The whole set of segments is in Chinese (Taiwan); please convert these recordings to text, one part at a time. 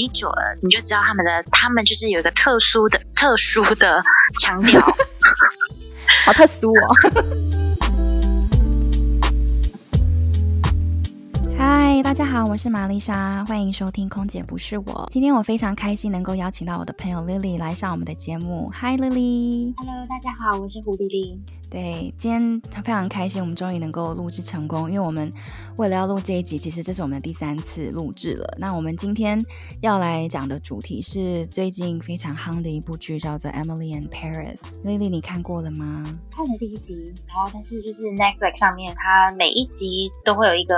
你久了，你就知道他們的，他們就是有一個特殊的、特殊的強調，好、 哦、特殊哦！嗨， 大家好，我是瑪麗莎，歡迎收聽《空姐不是我》。今天我非常開心能夠邀請到我的朋友 Lily 來上我們的節目。嗨，Lily，Hello，大家好，我是胡麗麗。對，今天他非常開心，我們終於能夠錄製成功。因為我們為了要錄這一集，其實這是我們第三次錄製了。那我們今天要來講的主題是最近非常夯的一部劇，叫做《Emily in Paris》。麗麗你看過了嗎？看了第一集，然後但是就是 Netflix 上面它每一集都會有一個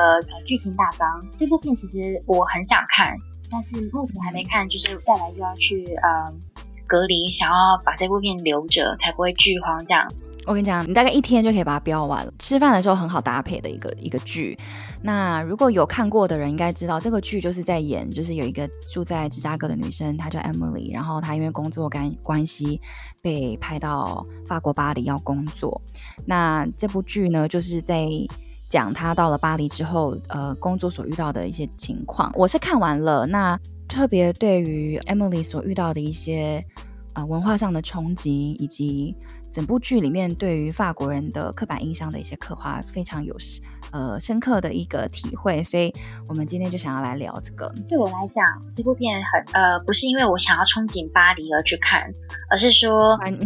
劇情大綱。這部片其實我很想看，但是目前還沒看，就是再來就要去嗯隔離，想要把這部片留着，才不會劇荒這樣。我跟你講，你大概一天就可以把它飆完了。吃飯的時候很好搭配的一個一個劇。那如果有看過的人，應該知道這個劇就是在演，就是有一個住在芝加哥的女生，她叫 Emily，然後她因為工作關關係被派到法國巴黎要工作。那這部劇呢，就是在講她到了巴黎之後，呃，工作所遇到的一些情況。我是看完了，那特別對於 Emily 所遇到的一些啊、呃、文化上的衝擊以及，整部劇裡面對於法國人的刻板印象的一些刻畫非常有，呃，深刻的一個體會，所以我們今天就想要來聊這個。對我來講，這部片很呃，不是因為我想要憧憬巴黎而去看，而是說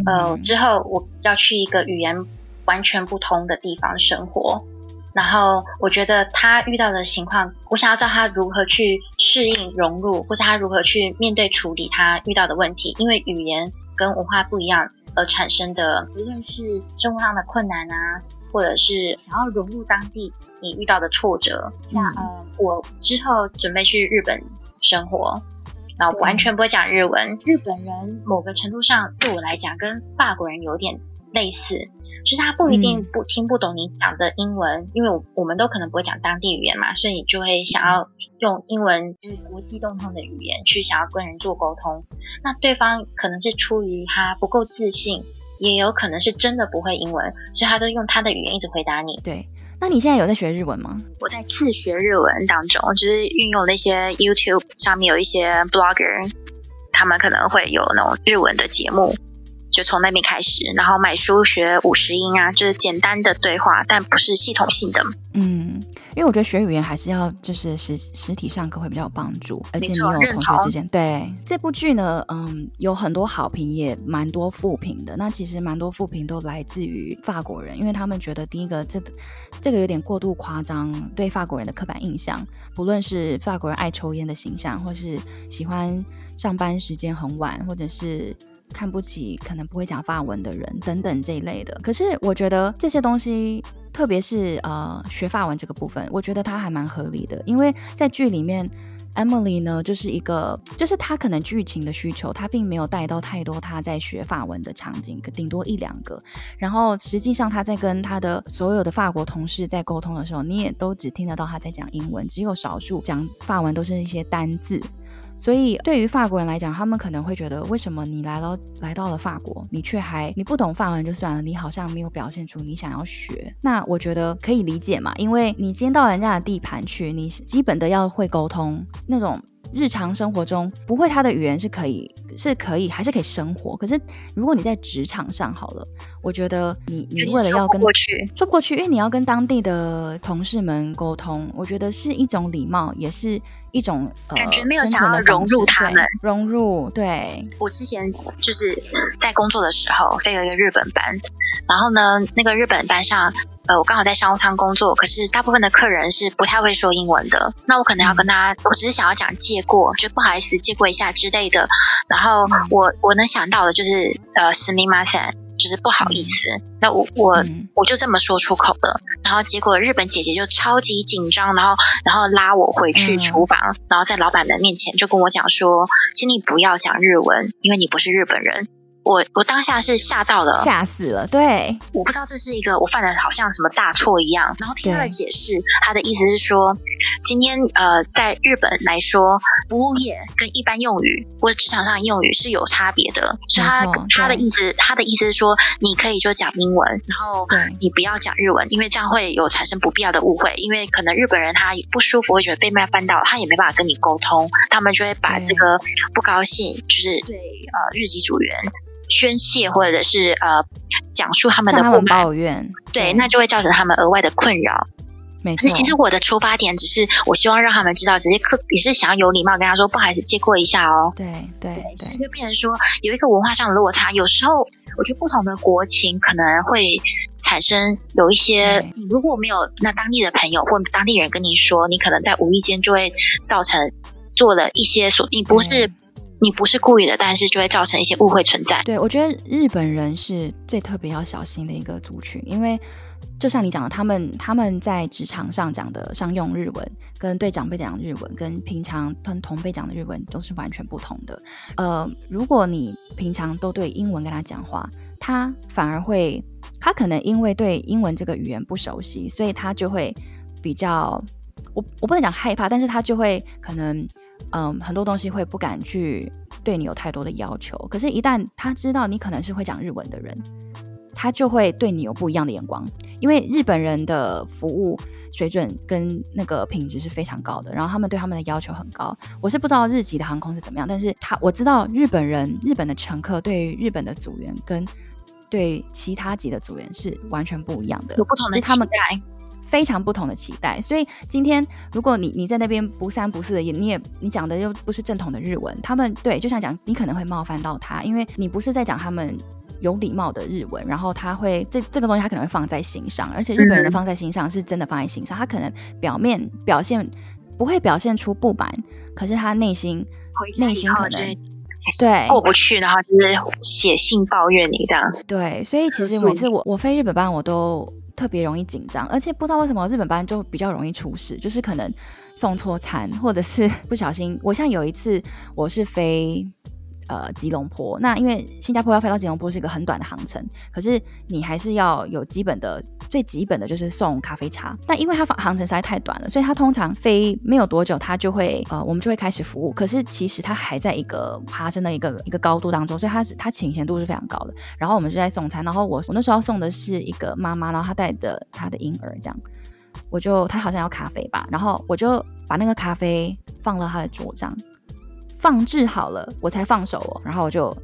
呃，之後我要去一個語言完全不同的地方生活，然後我覺得他遇到的情況，我想要知道他如何去適應融入，或者他如何去面對處理他遇到的問題，因為語言跟文化不一樣，而產生的，無論是生活上的困難啊，或者是想要融入當地你遇到的挫折，像呃、嗯、我之後準備去日本生活，那完全不會講日文，日本人某個程度上對我來講跟法國人有點類似，其實他不一定不聽不懂你講的英文，嗯、因為我我們都可能不會講當地語言嘛，所以你就會想要用英文就是國際通用的語言去想要跟人做溝通。那對方可能是出於他不夠自信，也有可能是真的不會英文，所以他都用他的語言一直回答你。對，那你現在有在學日文嗎？我在自學日文當中，就是運用那些 YouTube 上面有一些 Blogger，他們可能會有那種日文的節目。就從那邊開始，然後買書學五十音啊，就是簡單的對話，但不是系統性的。嗯，因為我覺得學語言還是要就是實實體上課會比較有幫助，而且你有同學之間。對，這部劇呢，嗯，有很多好評，也蠻多負評的。那其實蠻多負評都來自於法國人，因為他們覺得第一個這這個有點過度誇張，對法國人的刻板印象，不論是法國人愛抽菸的形象，或是喜歡上班時間很晚，或者是。看不起可能不會講法文的人等等這一類的，可是我覺得這些東西，特別是呃學法文這個部分，我覺得它還蠻合理的，因為在劇裡面，Emily 呢就是一個，就是他可能劇情的需求，他並沒有帶到太多他在學法文的場景，可頂多一兩個。然後實際上他在跟他的所有的法國同事在溝通的時候，你也都只聽得到他在講英文，只有少數講法文都是一些單字。所以，對於法國人來講，他們可能會覺得，為什麼你來了，來到了法國，你卻還你不懂法文就算了，你好像沒有表現出你想要學。那我覺得可以理解嘛，因為你今天到人家的地盤去，你基本的要會溝通那種。日常生活中不會他的語言是可以，是可以，還是可以生活。可是如果你在職場上，好了，我覺得你你為了要跟說不過去，說不過去，因為你要跟當地的同事們溝通，我覺得是一種禮貌，也是一種呃，感覺沒有想要融入他們，融入。對，我之前就是在工作的時候，飛了一個日本班，然後呢，那個日本班上。呃，我剛好在商務艙工作，可是大部分的客人是不太會說英文的。那我可能要跟他，嗯、我只是想要講借過，就不好意思借過一下之類的。然後我、嗯、我能想到的就是，呃，蘇咪媽森就是不好意思。嗯、那我我、嗯、我就這麼說出口了，然後結果日本姐姐就超級緊張，然後然後拉我回去廚房，嗯、然後在老板的面前就跟我講說，請你不要講日文，因為你不是日本人。我我當下是嚇到了，嚇死了。對，我不知道這是一個我犯了好像什麼大錯一樣。然後聽他的解釋，對他的意思是說，今天呃，在日本來說，服務業跟一般用語或者職場上用語是有差別的。所以他他的意思他的意思是說，你可以就講英文，然後你不要講日文，對因為這樣會有產生不必要的誤會。因為可能日本人他不舒服，會覺得被冒犯到，他也沒辦法跟你溝通，他們就會把這個不高興對就是對呃日籍組員。宣洩，或者是呃講述他們的不滿、抱怨。對。對那就會造成他們額外的困擾。沒錯，其實我的出發點只是，我希望讓他們知道，直接客也是想要有禮貌跟他說，不好意思，借過一下哦。對對，是，就變成說對有一個文化上的落差。有時候我覺得不同的國情可能會產生有一些，對如果沒有那當地的朋友或當地人跟你說，你可能在無意間就會造成做了一些所你不是，你不是故意的，但是就會造成一些誤會存在。對，我覺得日本人是最特別要小心的一個族群，因為就像你講的，他們他們在職場上講的商用日文，跟對長輩講的日文，跟平常同同輩講的日文都是完全不同的。呃，如果你平常都對英文跟他講話，他反而會，他可能因為對英文這個語言不熟悉，所以他就會比較，我我不能講害怕，但是他就會可能。嗯，很多東西會不敢去對你有太多的要求。可是，一旦他知道你可能是會講日文的人，他就會對你有不一樣的眼光。因為日本人的服務水準跟那個品質是非常高的，然後他們對他們的要求很高。我是不知道日籍的航空是怎麼樣，但是他我知道日本人、日本的乘客對日本的組員跟對其他級的組員是完全不一樣的，有不同的期待。非常不同的期待，所以今天如果你你在那邊不三不四的也，也你也你講的又不是正統的日文，他們對就像講你可能會冒犯到他，因為你不是在講他們有禮貌的日文，然後他會這這個東西他可能會放在心上，而且日本人的放在心上是真的放在心上，嗯、他可能表面表現不會表現出不滿，可是他內心內心可能對過不去，然後就是寫信抱怨你這樣，對，所以其實每次我我飛日本班我都。特別容易緊張，而且不知道為什麼日本班就比較容易出事，就是可能送錯餐，或者是不小心。我像有一次我是飛呃吉隆坡，那因為新加坡要飛到吉隆坡是一個很短的航程，可是你還是要有基本的。最基本的就是送咖啡茶，但因為它航程實在太短了，所以它通常飛沒有多久，它就會呃，我們就會開始服務。可是其實它還在一個爬升的一個一個高度當中，所以它是它傾斜度是非常高的。然後我們是在送餐，然後我我那時候送的是一個媽媽，然後她帶着她的嬰兒這樣，我就她好像要咖啡吧，然後我就把那個咖啡放到她的桌上，放置好了，我才放手哦，然後我就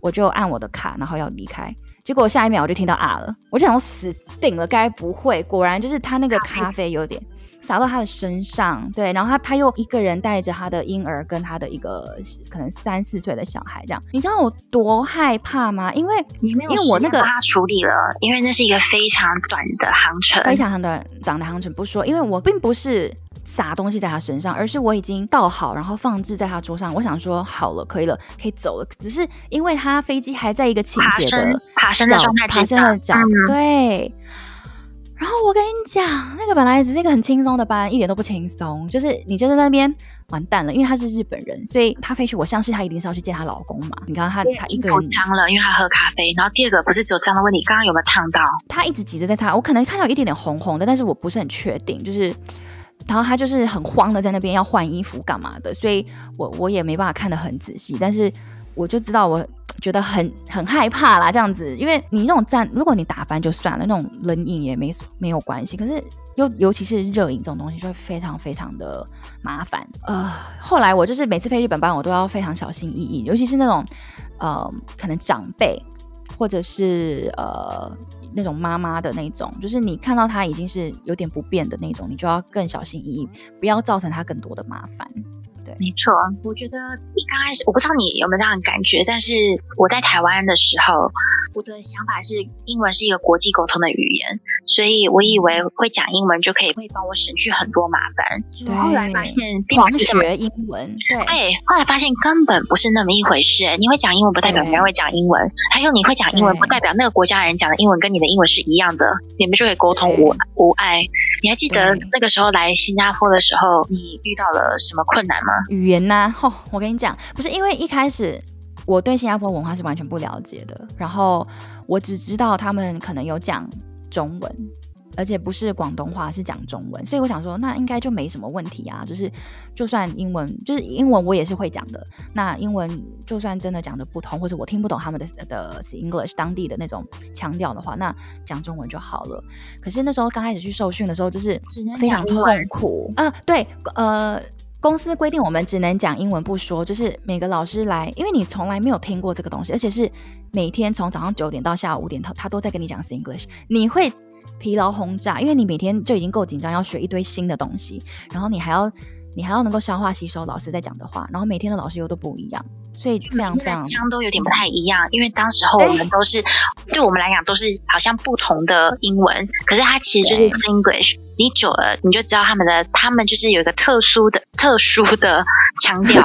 我就按我的卡，然後要離開。結果下一秒我就聽到啊了，我就想我死定了，該不會？果然就是他那個咖啡有點灑到他的身上，對，然後他他又一個人帶着他的嬰兒跟他的一個可能三四歲的小孩這樣，你知道我多害怕嗎？因為有有因為我那個他處理了，因為那是一個非常短的航程，非常很短短的航程不說，因為我並不是。撒東西在他身上，而是我已經倒好，然後放置在他桌上。我想說好了，可以了，可以走了。只是因為他飛機還在一個傾斜的爬升的狀態，爬升的角、嗯啊、對。然後我跟你講，那個本來只是一個很輕鬆的班，一點都不輕鬆。就是你就在那邊完蛋了，因為他是日本人，所以他飛去，我相信他一定是要去見她老公嘛。你剛剛他對他一個人髒了，因為他喝咖啡。然後第二個不是只有髒的問題，剛剛有沒有燙到？他一直急着在擦，我可能看到一點點紅紅的，但是我不是很確定，就是。然後他就是很慌的在那邊要換衣服幹嘛的，所以我我也沒辦法看得很仔細，但是我就知道，我覺得很很害怕啦，這樣子，因為你那種站，如果你打翻就算了，那種冷飲也沒沒有關係，可是又尤其是熱飲這種東西就會非常非常的麻煩，呃，後來我就是每次飛日本班我都要非常小心翼翼，尤其是那種呃可能長輩或者是呃。那種媽媽的那種，就是你看到他已經是有點不便的那種，你就要更小心翼翼，不要造成他更多的麻煩。沒錯，我覺得剛開始我不知道你有沒有這樣的感覺，但是我在台灣的時候，我的想法是英文是一個國際溝通的語言，所以我以為會講英文就可以會幫我省去很多麻煩。對後來發現並不是麼學英文，對、欸，後來發現根本不是那麼一回事、欸。你會講英文不代表別人會講英文，對還有你會講英文不代表那個國家人講的英文跟你的英文是一樣的，你們就可以溝通無對無礙。你還記得那個時候來新加坡的時候，你遇到了什麼困難嗎？語言呢、啊？吼、哦，我跟你講，不是因為一開始我對新加坡文化是完全不了解的，然後我只知道他們可能有講中文，而且不是廣東話，是講中文。所以我想說，那應該就沒什麼問題啊。就是就算英文，就是英文我也是會講的。那英文就算真的講的不通，或者我聽不懂他們的的 English 當地的那種腔調的話，那講中文就好了。可是那時候剛開始去受訓的時候，就是非常痛苦啊、呃。對，呃。公司規定我們只能講英文，不說就是每個老師來，因為你從來沒有聽過這個東西，而且是每天從早上九點到下午五點，他他都在跟你講 Singlish，你會疲勞轟炸，因為你每天就已經夠緊張，要學一堆新的東西，然後你還要你還要能夠消化吸收老師在講的話，然後每天的老師又都不一樣。所以兩三腔都有點不太一樣，因為當時候我們都是，欸、對我們來講都是好像不同的英文。可是它其實就是 English，對你久了你就知道他們的，他們就是有一個特殊的、特殊的腔調，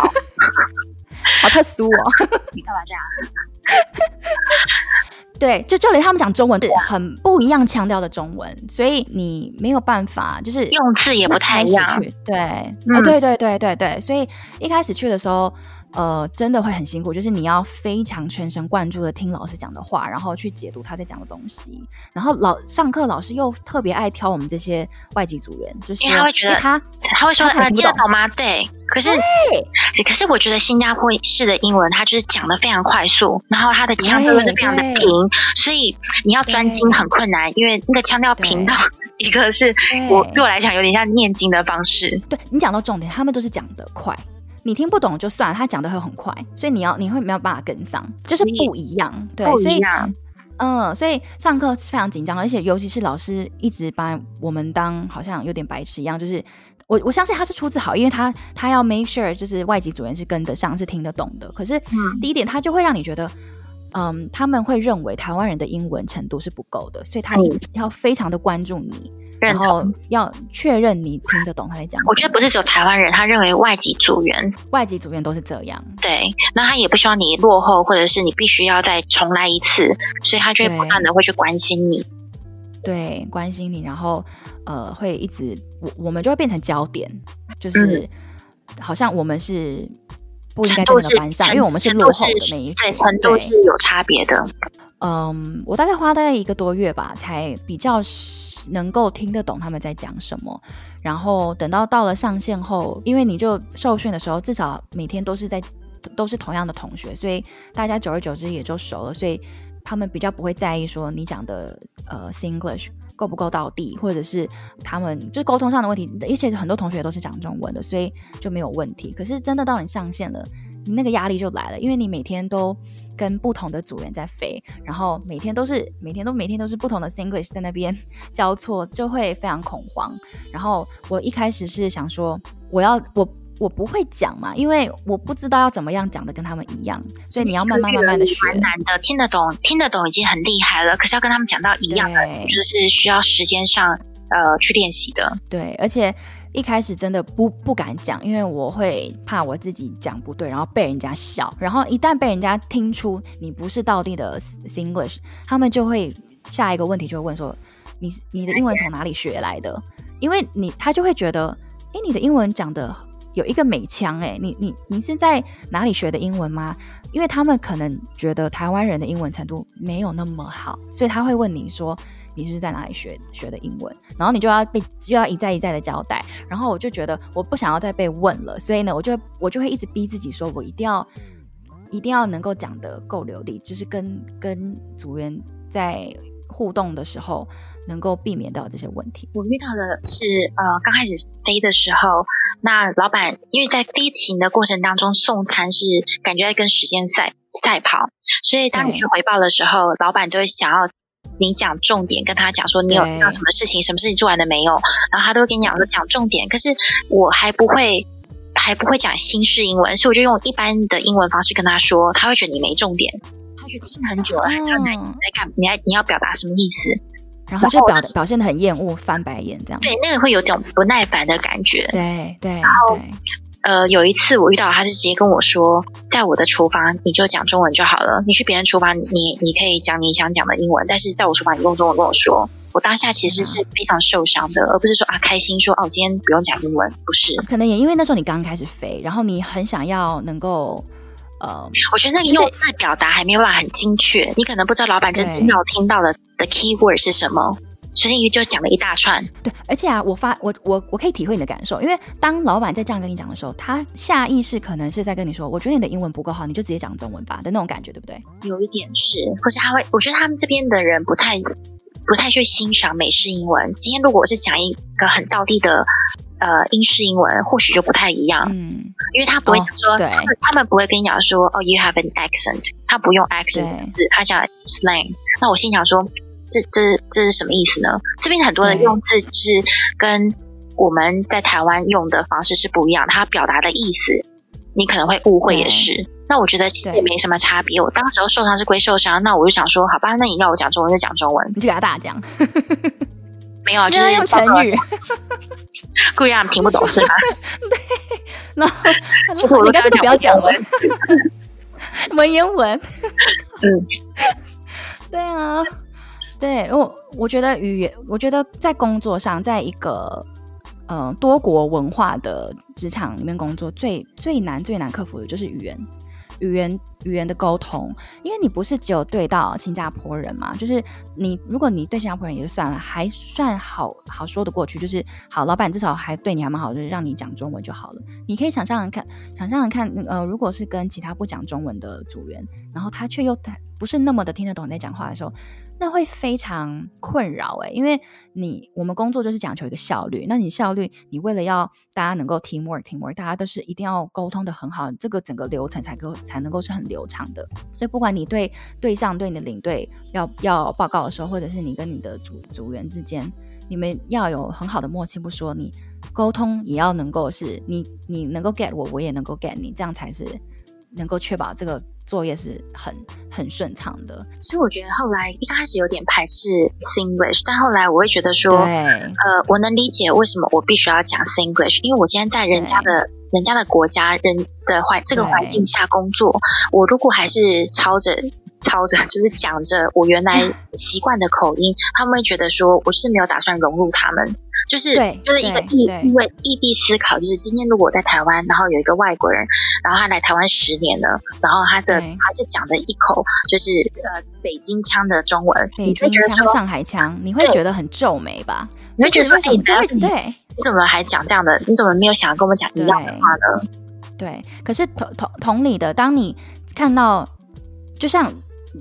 好特殊哦！ 你幹嘛？這樣， 對，就就連他們講中文，對，很不一樣腔調的中文，所以你沒有辦法，就是用字也不太一樣。對，啊、嗯、哦，對對對對對，所以一開始去的時候，呃，真的會很辛苦，就是你要非常全神貫注的聽老師講的話，然後去解讀他在講的東西。然後老上課老師又特別愛挑我們這些外籍組員，就是說因為他會覺得、哎、他他會說呃，聽、嗯、得懂嗎？對，可是對可是我覺得新加坡式的英文，他就是講的非常快速，然後他的腔調又是非常的平，對所以你要專精很困難，對因為那個腔調平到一個是對對我對我來講有點像念經的方式。對，你講到重點，他們都是講得快。你聽不懂就算了，他講的會很快，所以你要你會沒有辦法跟上，就是不一樣，嗯、對，所以嗯，所以上課非常緊張，而且尤其是老師一直把我們當好像有點白痴一樣，就是我我相信他是出自好，因為他他要 make sure 就是外籍學員是跟得上，是聽得懂的。可是第一點，嗯、他就會讓你覺得，嗯，他們會認為台灣人的英文程度是不夠的，所以他要非常的關注你。嗯然後要確認你聽得懂他在講。我覺得不是只有台灣人，他認為外籍組員，外籍組員都是這樣。對，那他也不希望你落後，或者是你必須要再重來一次，所以他就會不斷的會去關心你對。對，關心你，然後呃，會一直我我們就會變成焦點，就是、嗯、好像我們是不應該在那個班上，因為我們是落後的那一組，對，都是有差別的。對嗯，um, 我大概花大概一個多月吧，才比較能夠聽得懂他們在講什麼。然後等到到了上線後，因為你就受訓的時候，至少每天都是在都是同樣的同學，所以大家久而久之也就熟了。所以他們比較不會在意說你講的呃 Singlish 夠不夠道地，或者是他們就是溝通上的問題。一些很多同學都是講中文的，所以就沒有問題。可是真的到你上線了。你那個壓力就來了，因為你每天都跟不同的組員在飛，然後每天都是每天都每天都是不同的 Singlish 在那邊交錯，就會非常恐慌。然後我一開始是想說我，我要我我不會講嘛，因為我不知道要怎麼樣講的跟他們一樣。所以你要慢慢慢慢的學。蠻難的，聽得懂聽得懂已經很厲害了，可是要跟他們講到一樣的對就是需要時間上呃去練習的。對，而且。一開始真的不不敢講，因為我會怕我自己講不對，然後被人家笑。然後一旦被人家聽出你不是道地的 English，他們就會下一個問題就會問說，你你的英文從哪裡學來的？因為你他就會覺得，哎，你的英文講的有一個美腔、欸，哎，你你你是在哪裡學的英文嗎？因為他們可能覺得台灣人的英文程度沒有那麼好，所以他會問你說。你是在哪裡學學的英文？然後你就要被就要一再一再的交代，然後我就覺得我不想要再被問了，所以呢，我就我就會一直逼自己說，我一定要一定要能夠講得夠流利，就是跟跟組員在互動的時候能夠避免到這些問題。我遇到的是呃，剛開始飛的時候，那老闆因為在飛行的過程當中送餐是感覺在跟時間賽賽跑，所以當你去回報的時候，對老闆都會想要。你講重點，跟他講說你有遇到什麼事情，對什麼事情做完了沒有，然後他都會跟你講說講重點。可是我還不會，還不會講新式英文，所以我就用一般的英文方式跟他說，他會覺得你沒重點，他覺得聽很久了，嗯、他還在在看，你在你要表達什麼意思，然後就表、哦、表現得很厭惡，翻白眼這樣。對，那個會有種不耐煩的感覺。對對，然後。呃，有一次我遇到他，是直接跟我說，在我的廚房，你就講中文就好了。你去別人廚房你，你你可以講你想講的英文，但是在我廚房你用中文跟我跟我說。我當下其實是非常受傷的，嗯、而不是說啊開心說哦，啊、今天不用講英文，不是。可能也因為那時候你剛開始飛，然後你很想要能夠呃，我覺得那個用字表達還沒有辦法很精確，你可能不知道老闆真正要聽、聽到的對的 key word 是什麼？所以就講了一大串，對，而且啊，我發我我我可以體會你的感受，因為當老板在這樣跟你講的時候，他下意識可能是在跟你說：“我覺得你的英文不夠好，你就直接講中文吧”的那種感覺，對不對？有一點是，可是他會，我覺得他們這邊的人不太不太去欣賞美式英文。今天如果我是講一個很道地的呃英式英文，或許就不太一樣，嗯，因為他不會說，哦、對他，他們不會跟你講說：“哦，you have an accent，他不用 accent 對他講 slang。”那我心想說。這這這是什麼意思呢？這邊很多人用字，嗯、是跟我們在台灣用的方式是不一樣，他表達的意思你可能會誤會也是。嗯、那我覺得其實也沒什麼差別。對我當時候受傷是歸受傷，那我就想說，好吧，那你要我講中文就講中文，你就給他大講。 沒有，就是用用成語， 故意讓你聽不懂是嗎啊。那其實我應該不要講了文。講文， 文言文。 嗯。對啊、哦。對，我我覺得語言，我覺得在工作上，在一個呃多國文化的職場裡面工作，最最難最難克服的就是語言，語言語言的溝通，因為你不是只有對到新加坡人嘛，就是你如果你對新加坡人也就算了，還算好好說得過去，就是好老闆至少還對你還蠻好，就是讓你講中文就好了。你可以想想看，想想看，呃，如果是跟其他不講中文的組員，然後他卻又不是那麼的聽得懂你在講話的時候。那會非常困擾誒，因為你我們工作就是講求一個效率，那你效率，你為了要大家能夠 teamwork teamwork，大家都是一定要溝通的很好，這個整個流程才夠才能夠是很流暢的。所以不管你對對象、對你的領隊要要報告的時候，或者是你跟你的組組員之間，你們要有很好的默契不說，你溝通也要能夠是你你能夠 get 我，我也能夠 get 你，這樣才是能夠確保這個。作業是很很順暢的，所以我覺得後來一開始有點排斥 Singlish，但後來我會覺得說，對呃，我能理解為什麼我必須要講 Singlish，因為我現在在，在人家的、對人家的國家、人的環這個環境下工作，對我如果還是操着操着就是講着我原來習慣的口音，嗯、他們會覺得說我是沒有打算融入他們。就是對就是一個異，因為異地思考，就是今天如果我在台灣，然後有一個外國人，然後他來台灣十年了，然後他的還對是講的一口就是呃北京腔的中文，北京腔，上海腔，啊、你會覺得很皺眉吧？你會覺得說，你會覺得說哎，你怎、哎、對？你,對你怎麼還講這樣的？你怎麼沒有想要跟我們講一樣的話呢？對，對，可是同同同理的，當你看到就像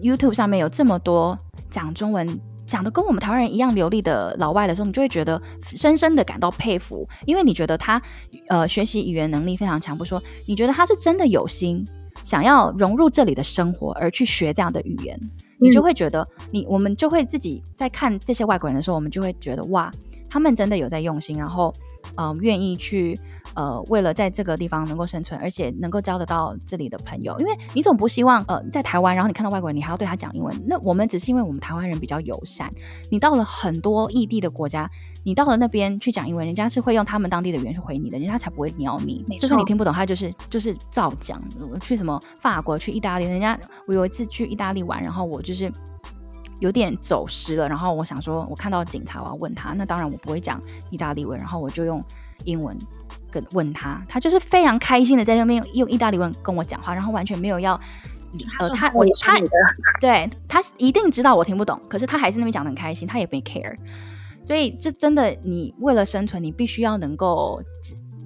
YouTube 上面有這麼多講中文。講的跟我們台灣人一樣流利的老外的時候，你就會覺得深深的感到佩服，因為你覺得他，呃，學習語言能力非常強，不說，你覺得他是真的有心想要融入這裡的生活而去學這樣的語言，嗯、你就會覺得你我們就會自己在看這些外國人的時候，我們就會覺得哇，他們真的有在用心，然後，嗯、呃，願意去。呃，為了在這個地方能夠生存，而且能夠交得到這裡的朋友，因為你總不希望呃在台灣，然後你看到外國人，你還要對他講英文。那我們只是因為我們台灣人比較友善。你到了很多異地的國家，你到了那邊去講英文，人家是會用他們當地的語言去回你的，人家才不會鳥你。錯就算你聽不懂，他就是就是照講。去什麼法國，去意大利，人家我有一次去意大利玩，然後我就是有點走失了，然後我想說，我看到警察，我要問他。那當然我不會講意大利文，然後我就用英文。問他，他就是非常開心的在那邊用意大利文跟我講話，然後完全沒有要、嗯、呃他我他，的他對他一定知道我聽不懂，可是他還是那邊講得很開心，他也沒 care。所以這真的，你為了生存，你必須要能夠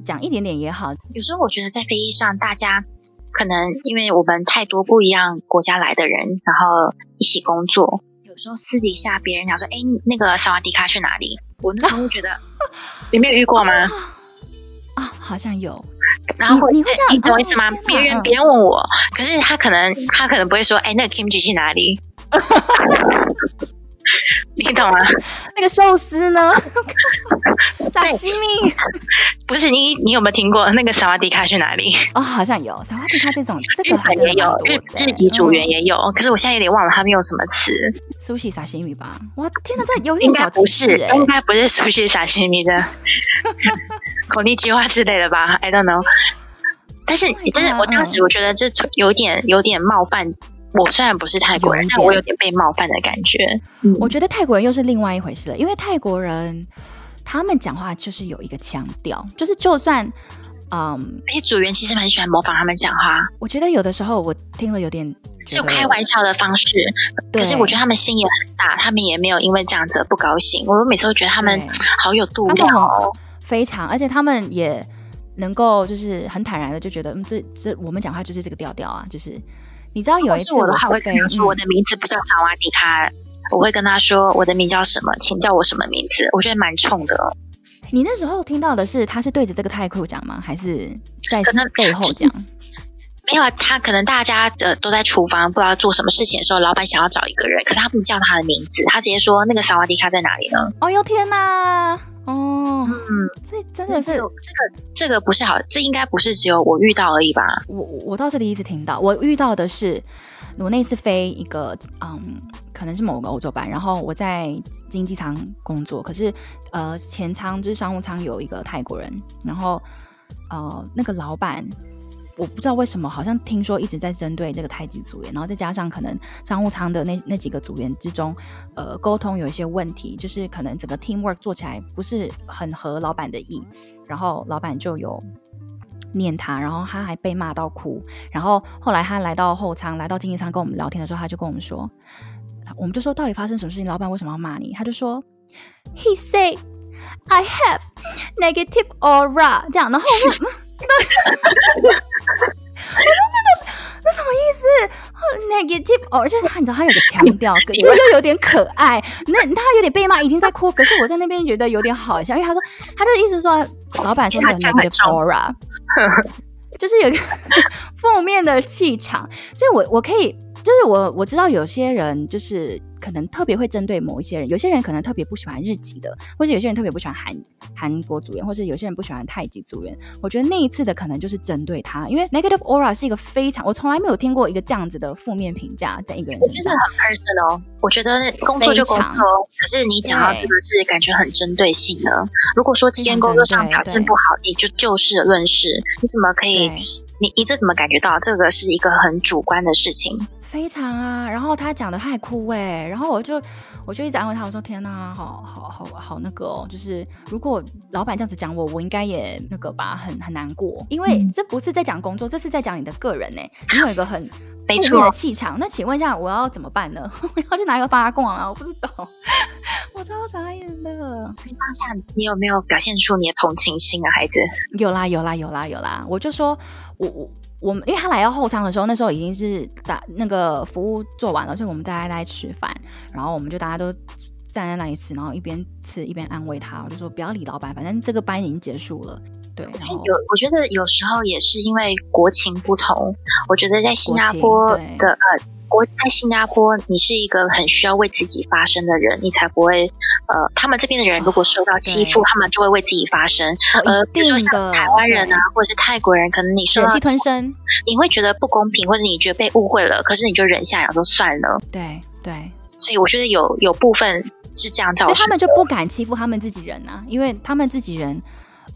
講一點點也好。有時候我覺得在飛機上，大家可能因為我們太多不一樣國家來的人，然後一起工作，有時候私底下別人講說：“哎，那個薩瓦迪卡去哪裡？”我那時候覺得， 你沒有遇過嗎？ 哦、好像有，然後我你會這樣，你懂意思嗎？別、哦、人別問我，嗯、可是他可能他可能不會說，哎、欸，那個 Kim Ji 去哪裡？ 你懂嗎？ 那個壽司呢？沙 希撒西米 不是你，你有沒有聽過那個撒瓦迪卡去哪裡？哦，好像有撒瓦迪卡這種，這個也有日日籍組員也有，嗯、可是我現在有點忘了他們用什麼詞。Sushi sashimi 吧？我天哪，這有點小知識、欸。應該不是 Sushi sashimi 的。 口令、計劃之類的吧，I don't know。但是，oh、my God, 但是我當時我覺得這有點、嗯、有點冒犯。我雖然不是泰國人，但我有點被冒犯的感覺。嗯、我覺得泰國人又是另外一回事了，因為泰國人他們講話就是有一個腔調，就是就算嗯，那些組員其實蠻喜歡模仿他們講話。我覺得有的時候我聽了有點，就開玩笑的方式。對可是我覺得他們心也很大，他們也沒有因為這樣子不高興。我每次都覺得他們好有度量對。非常，而且他們也能夠就是很坦然的就覺得，嗯，這這我們講話就是這個調調啊，就是你知道有一次我，我的話會，我，會我的名字不叫薩瓦迪卡，我會跟他說我的名叫什麼，請叫我什麼名字，我覺得蠻衝的哦。你那時候聽到的是他是對着這個太空講嗎？還是在背後講？沒有啊，他可能大家呃都在廚房，不知道做什麼事情的時候，老闆想要找一個人，可是他不叫他的名字，他直接說那個薩瓦迪卡在哪裡呢？哦喲天哪！哦，嗯，這真的是，是這個、這個、這個不是好，這應該不是只有我遇到而已吧？我我倒是第一次聽到，我遇到的是我那次飛一個嗯，可能是某個歐洲班，然後我在經濟艙工作，可是呃前艙就是商務艙有一個泰國人，然後呃那個老闆。我不知道為什麼，好像聽說一直在針對這個泰籍組員，然後再加上可能商務艙的那那幾個組員之中，呃，溝通有一些問題，就是可能整個 teamwork 做起來不是很合老闆的意，然後老闆就有念他，然後他還被罵到哭，然後後來他來到後艙，來到經濟艙跟我們聊天的時候，他就跟我們說，我們就說到底發生什麼事情，老闆為什麼要罵你？他就說，He say。I have negative aura，這樣，然後我說，那那那什麼意思？Oh，Negative，而且他你知道他有個強調，可、就是就有點可愛，那他有點被罵，已經在哭，可是我在那邊覺得有點好笑，因為他說他的意思說老闆說那個 negative aura， 就是有個負 面的氣場，所以我我可以，就是我我知道有些人就是。可能特別會針對某一些人，有些人可能特別不喜歡日籍的，或者有些人特別不喜歡韓韓國組員，或者有些人不喜歡泰籍組員。我覺得那一次的可能就是針對他，因為 negative aura 是一個非常，我從來沒有聽過一個這樣子的負面評價，在一個人身上。就是很 personal，我覺得工作就工作，可是你講到這個是感覺很針對性的。如果說今天工作上表現不好，你就就事論事，你怎麼可以？對你你這怎麼感覺到這個是一個很主觀的事情？非常啊，然後他講的還哭哎。然後我就我就一直安慰他，我說：“天哪，啊，好好好好那個，哦，就是如果老闆這樣子講我，我應該也那個吧，很很難過，因為這不是在講工作，這是在講你的個人呢，欸。你有一個很特別的氣場，沒錯。那請問一下，我要怎麼辦呢？我要去拿一個發光啊，我不知道，我超傻眼的。你當下你有沒有表現出你的同情心啊，孩子？有啦有啦有啦有啦，我就說我我。我們因為他來到後艙的時候，那時候已經是打那個服務做完了，所以我們大家在吃飯，然後我們就大家都站在那裡吃，然後一邊吃一邊安慰他，我就說不要理老闆，反正這個班已經結束了。對有，我覺得有時候也是因為國情不同。我覺得在新加坡的國呃國，在新加坡，你是一個很需要為自己發聲的人，你才不會呃，他們這邊的人如果受到欺負，oh, okay. 他們就會為自己發聲。呃、oh,，比如說像台灣人啊，對或者是泰國人，可能你說，忍氣吞聲，你會覺得不公平，或者你覺得被誤會了，可是你就忍下，然後算了。對對，對所以我覺得有有部分是這樣造成，他們就不敢欺負他們自己人啊，因為他們自己人。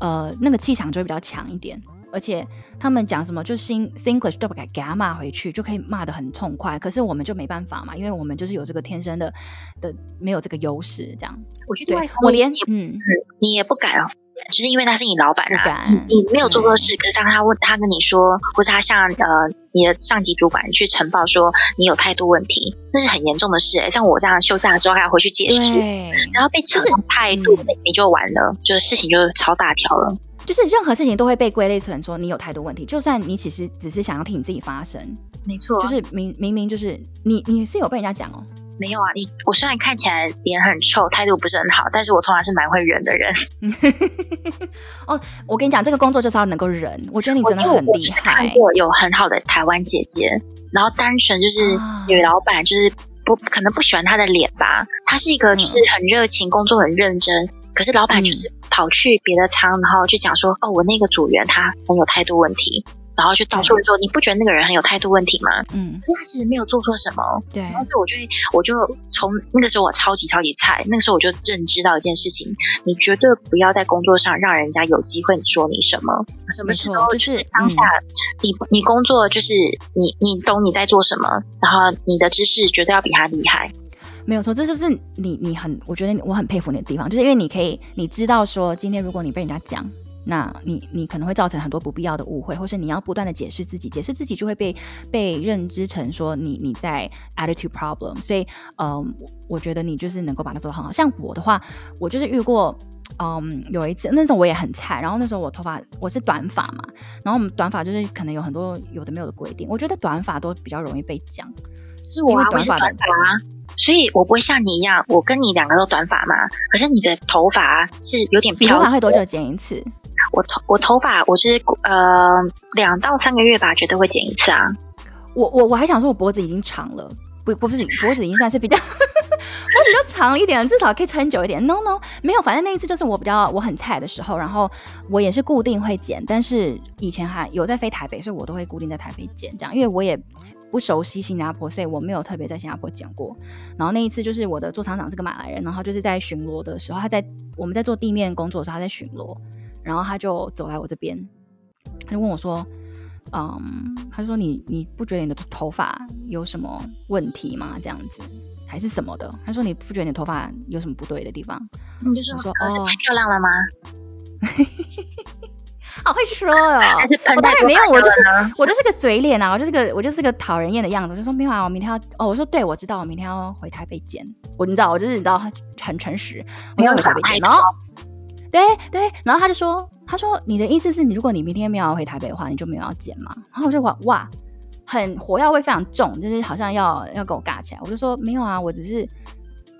呃，那個氣場就會比較強一點，而且他們講什麼就 Singlish 都不敢，給他罵回去就可以罵得很痛快，可是我們就沒辦法嘛，因為我們就是有這個天生的的沒有這個優勢，這樣。我去，我連你嗯，你也不敢哦。就是因為他是你老闆啦、啊，你你沒有做過的事，可是當他問他跟你說，或是他向呃你的上級主管去呈報說你有態度問題，那是很嚴重的事、欸。像我這樣休假的時候還要回去解釋，然後對被呈態度，你你、就是、就完了，就是事情就超大條了、嗯。就是任何事情都會被歸類成說你有態度問題，就算你其實只是想要替你自己發聲，沒錯、啊，就是明明明就是你你是有被人家講哦、喔。沒有啊，你我雖然看起來臉很臭，態度不是很好，但是我通常是蠻會忍的人。 哦，我跟你講，這個工作就是要能夠忍，我覺得你真的很厲害。我就，我就是看過有很好的台灣姐姐，然後單純就是女老闆就是不，哦，可能不喜歡她的臉吧？她是一個就是很熱情，嗯、工作很認真，可是老闆就是跑去別的艙，嗯、然後就講說，哦，我那個組員她很有態度問題。然後去到處說，說，你不覺得那個人很有態度問題嗎？嗯，其實他其實沒有做錯什麼。對。然後，所以我覺得，我就從那個時候我超級超級菜。那個時候我就認知到一件事情，你絕對不要在工作上讓人家有機會說你什麼。什麼時候就是當下你，就是嗯、你工作就是你你懂你在做什麼，然後你的知識絕對要比他厲害。沒有錯，這就是你你很，我覺得我很佩服你的地方，就是因為你可以你知道說，今天如果你被人家講。那你你可能會造成很多不必要的誤會，或是你要不斷的解釋自己，解釋自己就會被被認知成說你你在 attitude problem。所以，嗯、呃，我我覺得你就是能夠把它做得很好。像我的話，我就是遇過，嗯、呃，有一次那時候我也很菜，然後那時候我頭髮我是短髮嘛，然後我們短髮就是可能有很多有的沒有的規定。我覺得短髮都比較容易被講，是我、啊、短髮短髮所以我不會像你一樣，我跟你兩個都短髮嘛，可是你的頭髮是有點飄，短髮會多久剪一次？我頭我頭髮我是呃兩到三個月吧，覺得會剪一次啊。我我我還想說，我脖子已經長了，不不是，脖子已經算是比較 脖子比較長了一點，至少可以撐久一點。No No 沒有，反正那一次就是我比較我很菜的時候，然後我也是固定會剪，但是以前還有在飛台北，所以我都會固定在台北剪這樣，因為我也不熟悉新加坡，所以我沒有特別在新加坡剪過。然後那一次就是我的駐場長是個馬來人，然後就是在巡邏的時候，他在我們在做地面工作的時候，他在巡邏。然後他就走來我這邊，他就問我說：“嗯，他說你你不覺得你的頭髮有什麼問題嗎？這樣子還是什麼的？他說你不覺得你的頭髮有什麼不對的地方？我就說，我說哦，太漂亮了嗎？ 哦，會說哦，了我當然沒有，我就是我就是個嘴臉啊，我就是個我就是個討人厭的樣子。我就說，沒有啊，我明天要哦，我說，對，我知道，我明天要回台北剪。我你知道，我就是你知道很誠實，沒有回台北剪哦。”對對，然後他就說：“他說你的意思是你，如果你明天沒有回台北的話，你就沒有要剪嘛？”然後我就說：“哇，很火藥味非常重，就是好像要要跟我尬起來。”我就說：“沒有啊，我只是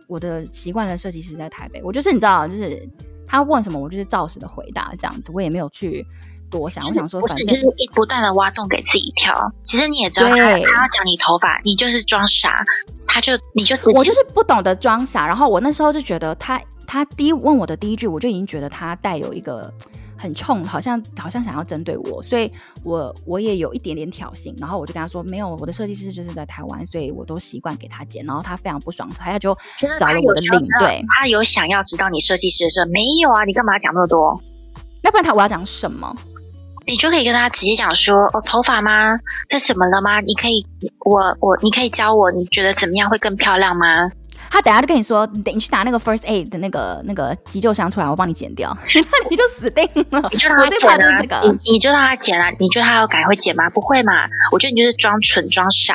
我的習慣的設計師在台北，我就是你知道、啊，就是他問什麼，我就是照實的回答這樣子，我也沒有去多想，就是、我想說反正是就是不斷的挖洞給自己跳。其實你也知道，對他他要講你頭髮，你就是裝傻，他就你就直接我就是不懂得裝傻。然後我那時候就覺得他。”他第一問我的第一句，我就已經覺得他帶有一個很衝，好像好像想要針對我，所以我我也有一點點挑釁，然後我就跟他說，沒有，我的設計師就是在台灣，所以我都習慣給他剪，然後他非常不爽，他他就找了我的領隊他，他有想要知道你設計師的沒有啊？你幹嘛要講那麼多？那不然他我要講什麼？你就可以跟他直接講說，哦，頭髮嗎？這怎麼了嗎？你可以，我我你可以教我，你覺得怎麼樣會更漂亮嗎？他等下就跟你說，你等你去拿那個 first aid 的那個那個急救箱出來，我幫你剪掉， 你就死定了。我最怕就是這個。你就讓他剪了，啊，你你就讓他剪了，啊，你覺得他要改會剪嗎？不會嘛。我覺得你就是裝蠢裝傻，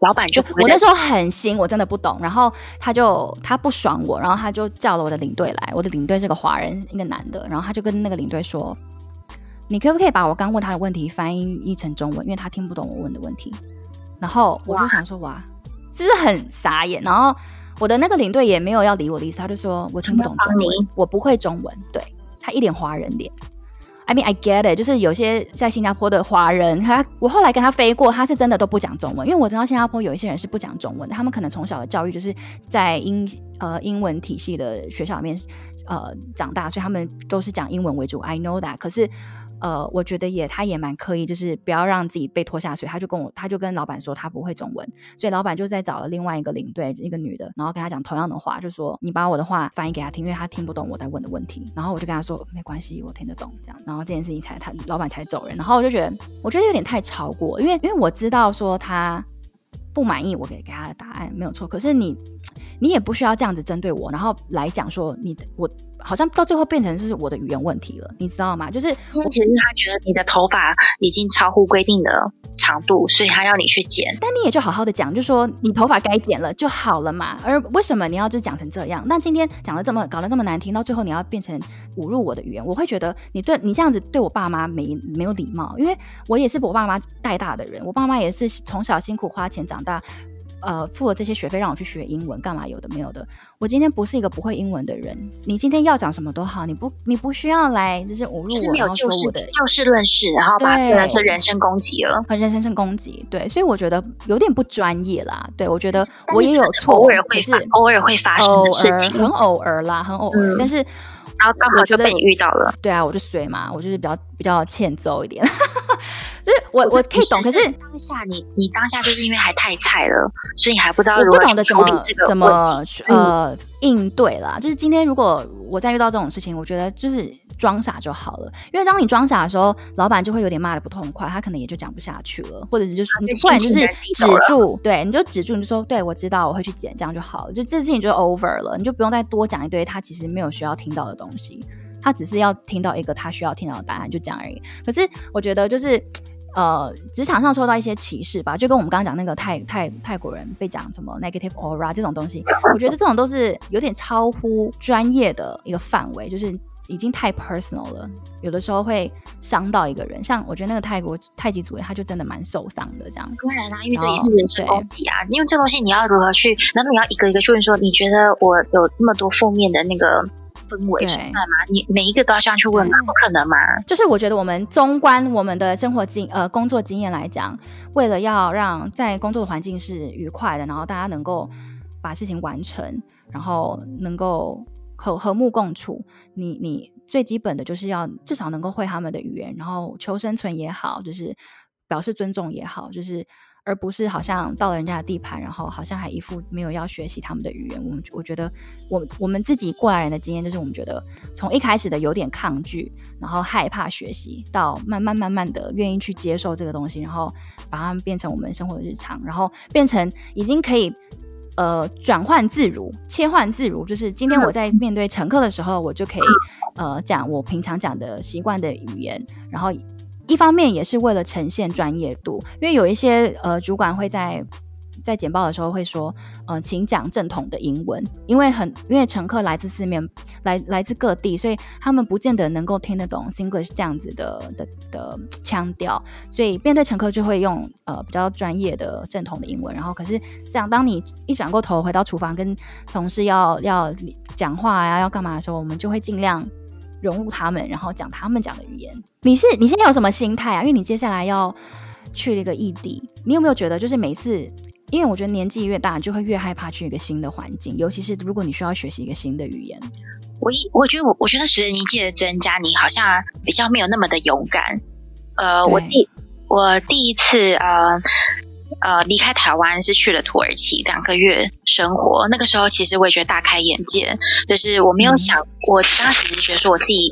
老闆就我那時候很新，我真的不懂。然後他就他不爽我，然後他就叫了我的領隊來，我的領隊是個華人，一個男的，然後他就跟那個領隊說，你可不可以把我剛問他的問題翻譯譯成中文，因為他聽不懂我問的問題。然後我就想說，哇，哇，是不是很傻眼？然後。我的那個領隊也沒有要理我的意思，他就說：“我聽不懂中文，我不會中文。對”對，他一臉華人臉。I mean, I get it，就是有些在新加坡的華人，他我後來跟他飛過，他是真的都不講中文，因為我知道新加坡有一些人是不講中文，他們可能從小的教育就是在英呃英文體系的學校裡面呃長大，所以他們都是講英文為主。I know that，可是。呃，我覺得也，他也蠻刻意，就是不要讓自己被拖下水。他就跟我，他就跟老闆說他不會中文，所以老闆就再找了另外一個領隊，一個女的，然後跟他講同樣的話，就說你把我的話翻譯給他聽，因為他聽不懂我在問的問題。然後我就跟他說沒關係，我聽得懂，這樣。然後這件事情才他老闆才走人。然後我就覺得，我覺得有點太超過，因為因為我知道說他不滿意我給給他的答案沒有錯，可是你。你也不需要這樣子針對我，然後來講說你的。我好像到最後變成就是我的語言問題了，你知道嗎？就是其實他覺得你的頭髮已經超乎規定的長度，所以他要你去剪。但你也就好好的講，就說你頭髮該剪了就好了嘛。而為什麼你要就講成這樣？那今天講了這麼搞得這麼難聽，到最後你要變成侮辱我的語言，我會覺得你對你這樣子對我爸媽沒沒有禮貌，因為我也是我爸媽帶大的人，我爸媽也是從小辛苦花錢長大。呃，付了這些學費讓我去學英文幹嘛？有的沒有的，我今天不是一個不會英文的人。你今天要講什麼都好，你不，你不需要來就是侮辱我。然後說我的是就事、是、就事、是、論事，然後他對來說人身攻擊了，很人身攻擊。對，所以我覺得有點不專業啦。對，我覺得我也有錯，是是是偶爾會發，是偶爾會發生的事情偶爾，很偶爾啦，很偶爾，嗯。但是然後剛好就被你遇到了。對啊，我就隨嘛，我就是比較。比較欠揍一點， 就是我我，我可以懂，可是當下你你當下就是因為還太菜了，所以你還不知道如何，我不懂得怎麼怎麼呃、嗯、應對啦。就是今天如果我再遇到這種事情，我覺得就是裝傻就好了。因為當你裝傻的時候，老板就會有點罵得不痛快，他可能也就講不下去了，或者就是你，不然就是止住，對，你就止住，你就說對，我知道，我會去剪，這樣就好了，就這事情就 over 了，你就不用再多講一堆他其實沒有需要聽到的東西。他只是要聽到一個他需要聽到的答案，就這樣而已。可是我覺得，就是呃，職場上受到一些歧視吧，就跟我們剛剛講那個泰泰泰國人被講什麼 negative aura 這種東西，我覺得這種都是有點超乎專業的一個範圍，就是已經太 personal 了，有的時候會傷到一個人。像我覺得那個泰國泰、泰籍組員他就真的蠻受傷的，這樣。當然啦、啊，因為這也是人身攻擊啊。因為這東西你要如何去？難道你要一個一個去問說，你覺得我有那麼多負面的那個？氛圍對你每一個都要這樣去問嗎？對那不可能嘛。就是我覺得我們綜觀我們的生活經呃工作經驗來講，為了要讓在工作的環境是愉快的，然後大家能夠把事情完成，然後能夠和和睦共處，你你最基本的就是要至少能夠會他們的語言，然後求生存也好，就是表示尊重也好，就是。而不是好像到了人家的地盤，然後好像還一副沒有要學習他們的語言。我們我覺得，我我們自己過來人的經驗就是，我們覺得從一開始的有點抗拒，然後害怕學習，到慢慢慢慢的願意去接受這個東西，然後把它們變成我們生活的日常，然後變成已經可以呃轉換自如、切換自如。就是今天我在面對乘客的時候，我就可以呃講我平常講的習慣的語言，然後。一方面也是為了呈現專業度，因為有一些呃主管會在在簡報的時候會說，呃，請講正統的英文，因為很因為乘客來自四面來來自各地，所以他們不見得能夠聽得懂 Singlish 這樣子的的的腔調，所以面對乘客就會用呃比較專業的正統的英文。然後可是這樣，當你一轉過頭回到廚房跟同事要要講話呀、啊、要幹嘛的時候，我們就會儘量。融入他們，然後講他們講的語言。你是你現在有什麼心態啊？因為你接下來要去了一個異地，你有沒有覺得就是每次？因為我覺得年紀越大，你就會越害怕去一個新的環境，尤其是如果你需要學習一個新的語言。我一我覺得我我覺得隨着年紀的增加，你好像比較沒有那麼的勇敢。呃，對我第我第一次啊。呃呃，離開台灣是去了土耳其兩個月生活。那個時候其實我也覺得大開眼界，就是我沒有想過，我、嗯、當時覺得說我自己英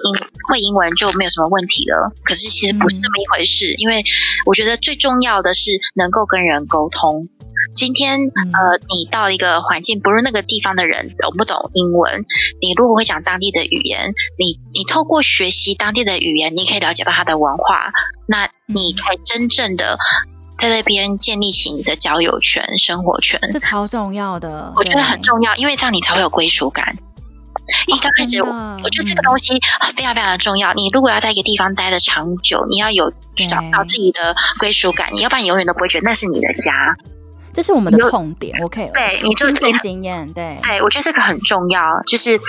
會英文就沒有什麼問題了。可是其實不是這麼一回事，嗯、因為我覺得最重要的是能夠跟人溝通。今天、嗯、呃，你到一個環境不是那個地方的人，懂不懂英文？你如果會講當地的語言，你你透過學習當地的語言，你可以了解到它的文化，那你才真正的。在那邊建立起你的交友圈、生活圈，嗯，這超重要的。我覺得很重要，對因為這樣你才會有歸屬感。哦、一開始，的我覺得這個東西、嗯、非常非常的重要。你如果要在一個地方待得長久，你要有找到自己的歸屬感，對你要不然你永遠都不會覺得那是你的家。這是我們的痛點，OK。對，你就人生經驗，對對，我覺得這個很重要。就是對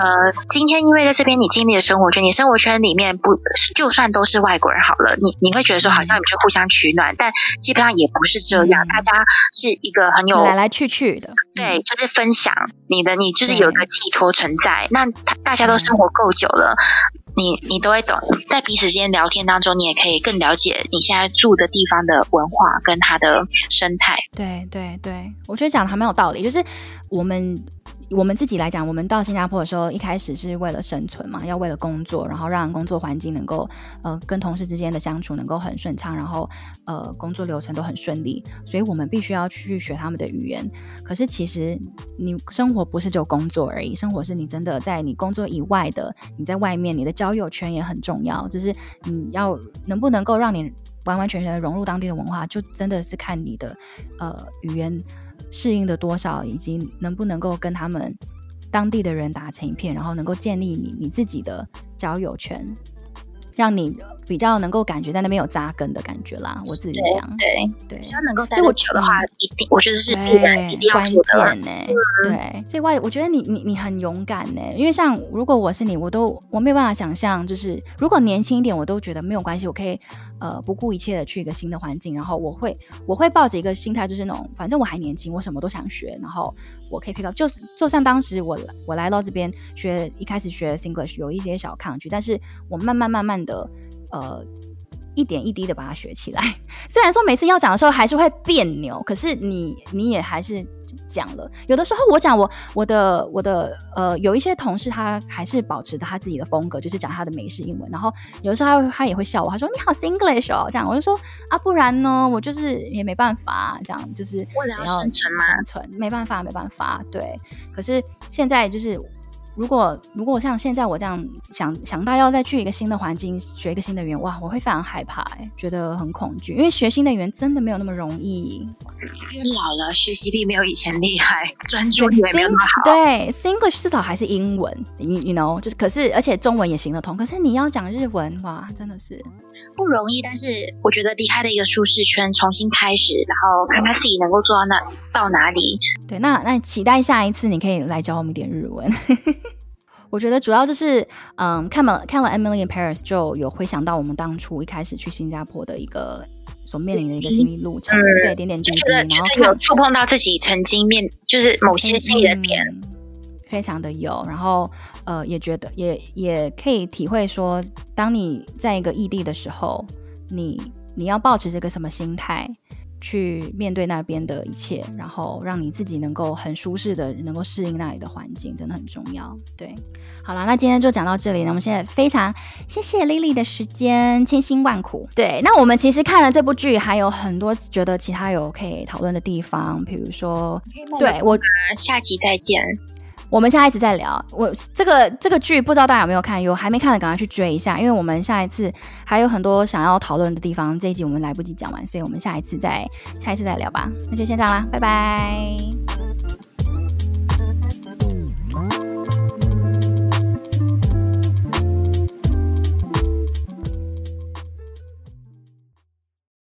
呃，今天因為在這邊你經歷的生活圈，你生活圈裡面不就算都是外國人好了，你你會覺得說好像你們就互相取暖，但基本上也不是這樣。嗯，大家是一個很有來來去去的，對，就是分享你的，你就是有一個寄托存在。對那大家都生活夠久了。你你都會懂，在彼此間聊天當中，你也可以更了解你現在住的地方的文化跟它的生態。對對對，我覺得講的還蠻有道理，就是我們。我們自己來講，我們到新加坡的時候，一開始是為了生存嘛，要為了工作，然後讓工作環境能夠，呃，跟同事之間的相處能夠很順暢，然後，呃，工作流程都很順利，所以我們必須要去學他們的語言。可是其實你生活不是就工作而已，生活是你真的在你工作以外的，你在外面，你的交友圈也很重要，就是你要能不能夠讓你完完全全的融入當地的文化，就真的是看你的，呃，語言。適應的多少，以及能不能夠跟他們當地的人打成一片，然後能夠建立你你自己的交友圈。讓你比較能夠感覺在那邊有紮根的感覺啦，對我自己講，對對，對只要能夠在我覺得的話，一定、嗯、我覺得是對，的關鍵呢、欸，嗯、對，所以外我覺得你你你很勇敢呢、欸，因為像如果我是你，我都我沒有辦法想象，就是如果年輕一點，我都覺得沒有關係，我可以呃不顧一切的去一個新的環境，然後我會我會抱着一個心態，就是那種反正我還年輕，我什麼都想學，然後我可以 pick up，就是就像當時我我來到這邊學，一開始學 Singlish 有一些小抗拒，但是我慢慢慢慢。的呃，一點一滴的把它學起來。雖然說每次要講的時候還是會彆扭，可是你你也還是講了。有的時候我講我我的我的呃，有一些同事他還是保持着他自己的風格，就是講他的美式英文。然後有的時候他他也會笑我，他說你好 Singlish 哦。這樣我就說啊，不然呢，我就是也沒辦法，這樣就是生存嘛，生存，沒辦法，沒辦法。對，可是現在就是。如果如果像現在我這樣想想到要再去一個新的環境學一個新的語言，哇，我會非常害怕，欸，哎，覺得很恐懼，因為學新的語言真的沒有那麼容易。因為老了，學習力沒有以前厲害，專注力也沒那麼好。Sing, 對，Singlish 至少還是英文，你 you, you know 就是，可是而且中文也行得通。可是你要講日文，哇，真的是不容易。但是我覺得離開了一個舒適圈，重新開始，然後看他自己能夠做到那、oh. 到哪裡。對，那那你期待下一次你可以來教我們一點日文。 我覺得主要就是，嗯，看了看了《Emily in Paris》就有回想到我們當初一開始去新加坡的一個所面臨的一個心理路程，嗯、對點點滴滴，然後有觸碰到自己曾經面就是某些經、嗯、非常的有。然後，呃，也覺得也也可以體會說，當你在一個異地的時候，你你要抱持這個什麼心態？去面對那邊的一切，然後讓你自己能夠很舒適的能夠適應那裡的環境，真的很重要。對，好了，那今天就講到這裡。那我們現在非常謝謝莉莉的時間，千辛萬苦。對，那我們其實看了這部劇，還有很多覺得其他有可以討論的地方，比如說，對，我下期再見。我們下一次再聊，我這個這個劇不知道大家有沒有看，有還沒看的趕快去追一下，因為我們下一次還有很多想要討論的地方，這一集我們來不及講完，所以我們下一次再下一次再聊吧，那就先這樣啦，拜拜。